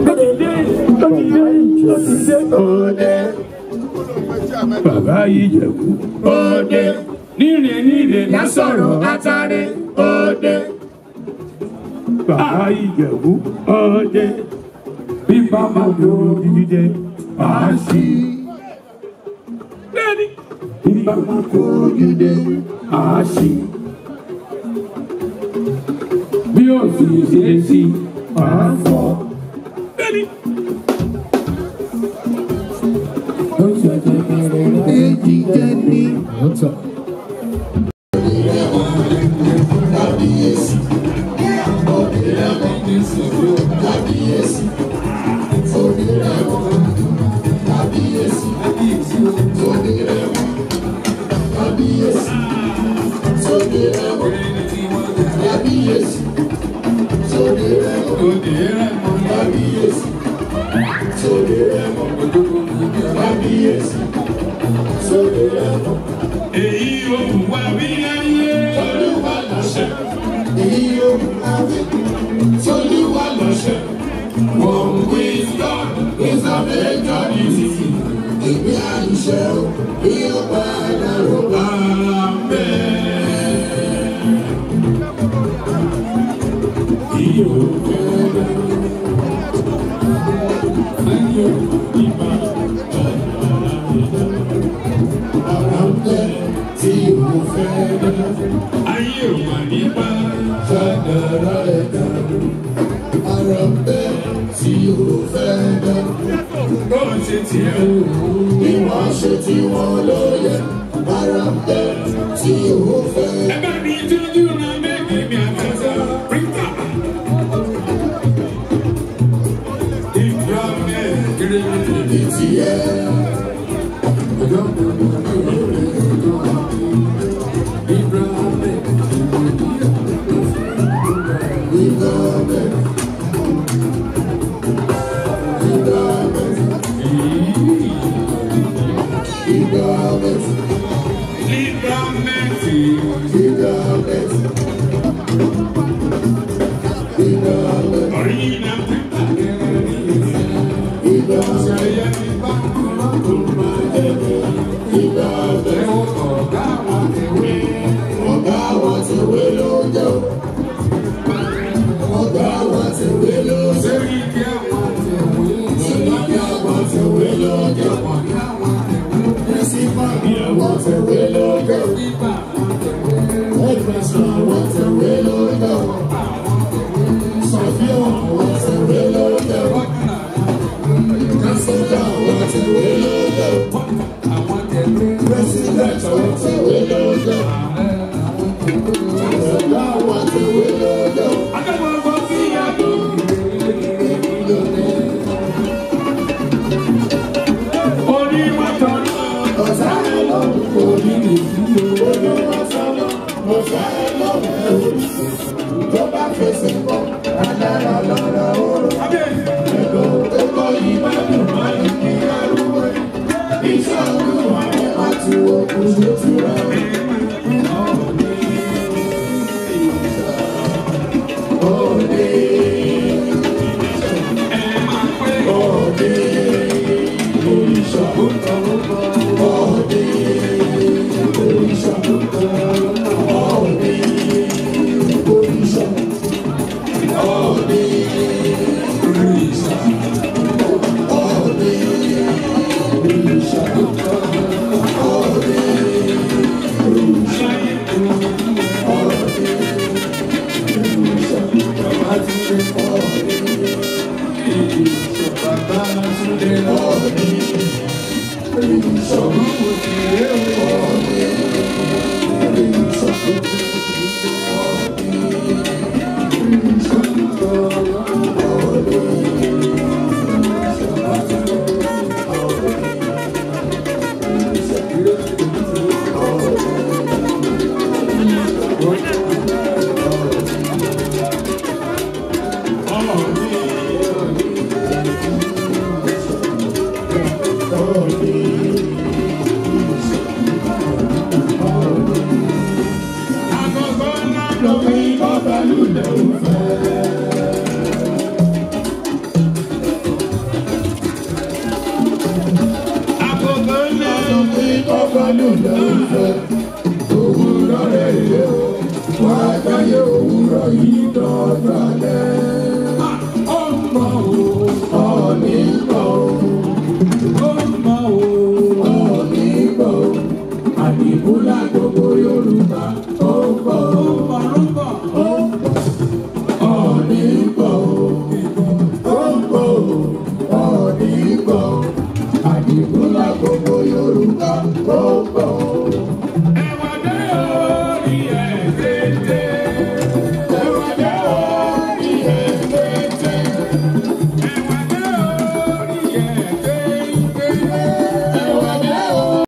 òde bàbá ìjẹ̀kú òde níre níre lásọ̀rọ̀ àtàrẹ òde bàbá ìjẹ̀kú òde bíbá máa lo jíjíjẹ àṣì. bẹ́ẹ̀ni bíbá máa kó jíjẹ àṣì. bí ó ṣe sí àá fọ́. What's up? Yeah. èyí òkú wá bí ayé olúwa lọ́sẹ̀. èyí òkú wá bí olúwa lọ́sẹ̀. One wisdom is a major duty. Ìgbé àìṣe o, bí ó padà Thank you. ayé ò mà ní bá ṣàgàrà ẹ̀ka ara pẹ́ tí o fẹ́ dá. bó ṣe tiẹ̀ o. bí wọ́n ṣe tí wọ́n lọ yẹ ara pẹ́ tí o fẹ́. ẹ bá mi tọ́jú náà bẹ́ẹ̀ mi ìdámẹ́tì. ìdámẹ́tì. That's all. ìbọn pẹ̀lú ìdẹ̀wù